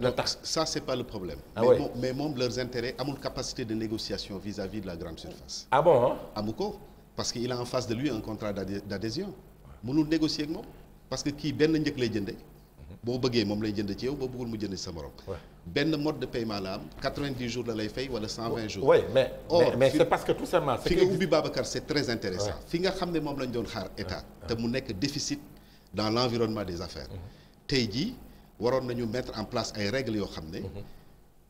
la tax ça c'est pas le problème. ah mais moom leurs intérêts amul capacité de négociation vis-à-vis de la grande surface. ah bon amu ko parce que il a en face de lui un contrat d'adhésion mënul négocier ak moom parce que kii benn njëkk lay jëndee. Mhm. boo bëggee moom lay jënd ci yow boo bëggul mu jënd ci sa morom. benn mode de paiement la am jours la lay fay wala 120 jours. oui mais Or, mais, mais c'est parce que tout fi nga ubbi Babacar c'est très intéressant fi nga xam ne moom lañ doon xaar état. te mu nekk déficit dans l'environnement des affaires. Mhm. tey jii. waroon nañu mettre en place ay règles yoo xam ne. Mhm.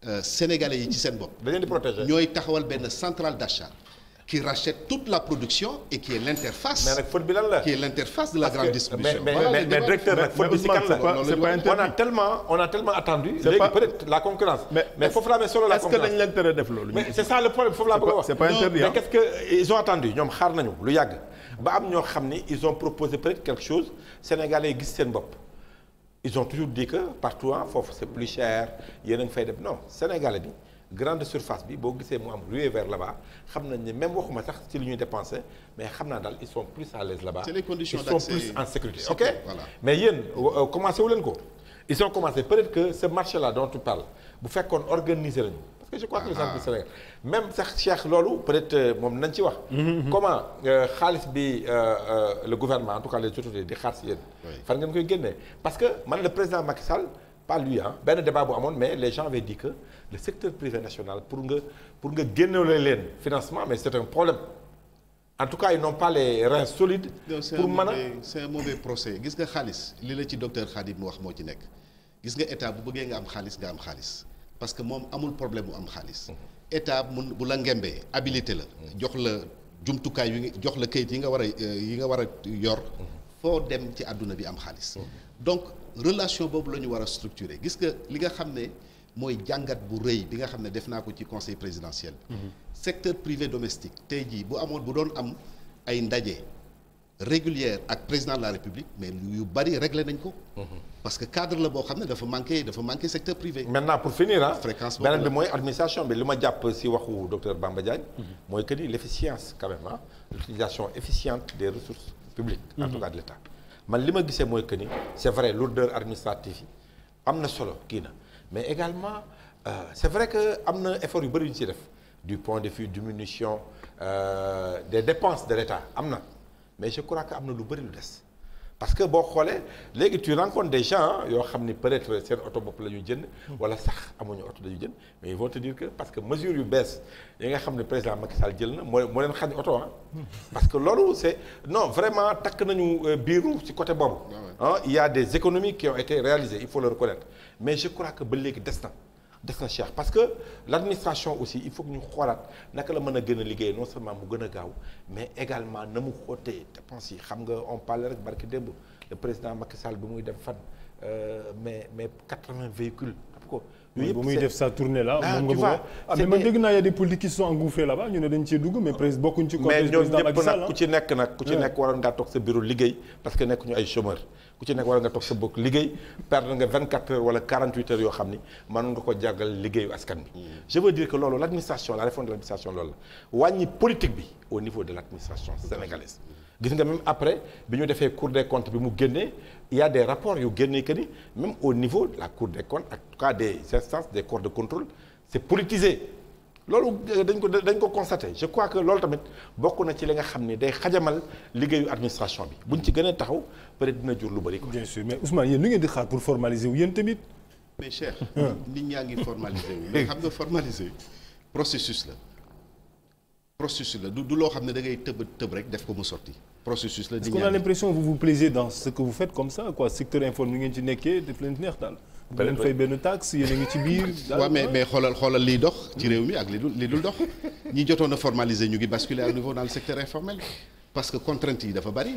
Euh, sénégalais yi ci seen bopp. dañu di protéger ñooy taxawal benn centrale d'achat. qui rachète toute la production et qui est l'interface. mais nag faute bi lan la. qui mais mais mais directeur nag la. on a tellement on a tellement la concurrence. mais foofu laa mais solo la concurrence mais foofu laa bëgg a wax. c'est pas interdit mais ce que ils ont attendu ñoom xaar nañu lu yàgg. ba am ñoo xam ni ils ont proposé peut-être quelque seen bopp. ils ont toujours dit que partout ah foofu c'est plus cher yéen a ngi fay def non Sénégalais bi grande surface bi boo gisee mu am ruée vers là xam nañ ne même waxuma sax ci li ñuy dépenser mais xam naa daal ils sont plus à l'aise là ils sont plus en sécurité. ok mais yéen euh, commencé leen ko. ils ont commencé peut-être que ce marché-là dont tu parles bu fekkoon organiser lañu parce que je crois que les ah. entreprises sénégalaises même sax Cheikh loolu peut-être euh, moom nañ ci wax. Mm-hmm. comment euh, xaalis bi euh, le gouvernement en tout cas les autorités di xaar si yéen. fan ngeen koy génnee parce que man le président Macky Sall pas lui ah benn débat bu amoon mais les gens avaient dit que le secteur privé national pour nga pour nga génnoole leen financement mais c'est un problème. en tout cas ils n'ont pas les reins solides. pour mën a c'est un procès gis nga xaalis li la ci docteur Khadim mu wax moo ci nekk gis nga état bu bëggee nga am xaalis nga am xaalis parce que moom amul problème mu am xaalis. état mun bu la ngembee habilité la. jox la jumtukaay yu jox la kayit yi nga war a yi nga war a yor. foo dem ci àdduna bi am xaalis. Mm-hmm. donc relation boobu la ñu war a structurer gis nga li nga xam ne. mooy jàngat bu rëy bi nga xam ne def naa ko ci conseil présidentiel bi mhm. secteur privé domestique tey jii bu amoon bu doon am ay ndaje régulière ak président de la république mais yu bari réglé nañ ko. Mhm. parce que cadre la boo xam ne dafa manqué dafa manqué secteur privé. maintenant pour finir ah. fréquence boobu bi mooy administration bi li ma jàpp si waxu docteur Bamba Diagne. Mhm. mooy que ni l' efficience quand même ah l'utilisation efficiente des ressources publiques. en tout man li ma gisee mooy que ni est vrai lourdeur administrative yi am na solo kii na. mais également euh, c'est vrai que am na effort yu bëri yu ñu def du point de vue diminution euh, des dépenses de l'État am na mais je crois que am na lu bëri lu des parce que boo xoolee léegi tu rencontres des gens yoo xam ni peut-être seen oto bopp la ñu jënd. wala sax amuñu oto la ñu jënd mais ils vont dire que parce que mesure yu bees yi nga xam ne président Macky Sall jël na moo moo leen xañ oto ah. parce que loolu c'est non vraiment takk nañu euh, biiru ci côté boobu. ah a des économies qui ont été réalisées il faut le reconnaître mais je crois que ba léegi des na. des na cher parce que l' administration aussi il faut que ñu xoolaat naka la mën a gën a liggéey non seulement mu gën a gaaw mais également na mu xootee dépense yi xam nga on parlait rek barki démb le président Macky Sall bi muy dem fan euh, mais mais quatre-vingts véhicules ko yooyu bu muy def sa tournée là ah, moom nga bëgg ah mais man dégg naa y a des politiques qui sont engouffrés là-bas ñu ne dañ cee dugg mais presque bokkuñ ci côté président ku ci nekk nag ku ci nekk waroon ngaa toog sa bureau liggéey parce que nekkuñu ay chômeur ku ci nekk a nga toog sa bokk liggéey perdre nga 24 heures wala 48 heures yoo xam ni mën nga ko jàggal liggéeyu askan bi mm. je veux dire que loolu l'administration la réforme de l'administration loolu la wàññi politique bi au niveau de l'administration gis nga même après bi ñu defee cour des comptes bi mu génnee il y a des rapports yu génne que ni même au niveau de la cour de comptes ak tout cas des instances des corps de contrôle c'est politisé loolu euh, dañ ko dañ ko constaté je crois que loolu tamit bokk na ci li nga xam ne day xajamal liggéeyu administration bi buñ ci gën a taxaw peut-être dina jur lu bari quoi. bien sûr mais Ousmane yéen lu ngeen di xaar pour formaliser wu yéen tamit. mais cher. nit ñaa ngi formaliser wu mais xam nga formaliser processus la. processus la du loo xam ne da ngay tëb tëb rek def ko mu sotti processus la. di ñaan est-ce qu'on a l'impression vous vous plaisez dans ce que vous faites comme ça quoi secteur informel mi ngeen ci nekkee daf leen neex daal. da leen fay benn taxe yéen ngi ci biir. mais xoolal xoolal liy dox ci réew mi ak li dul li dul dox ñi jotoon a formaliser ñu ngi basculer à nouveau dans le secteur informel parce que contrainte yi dafa bari.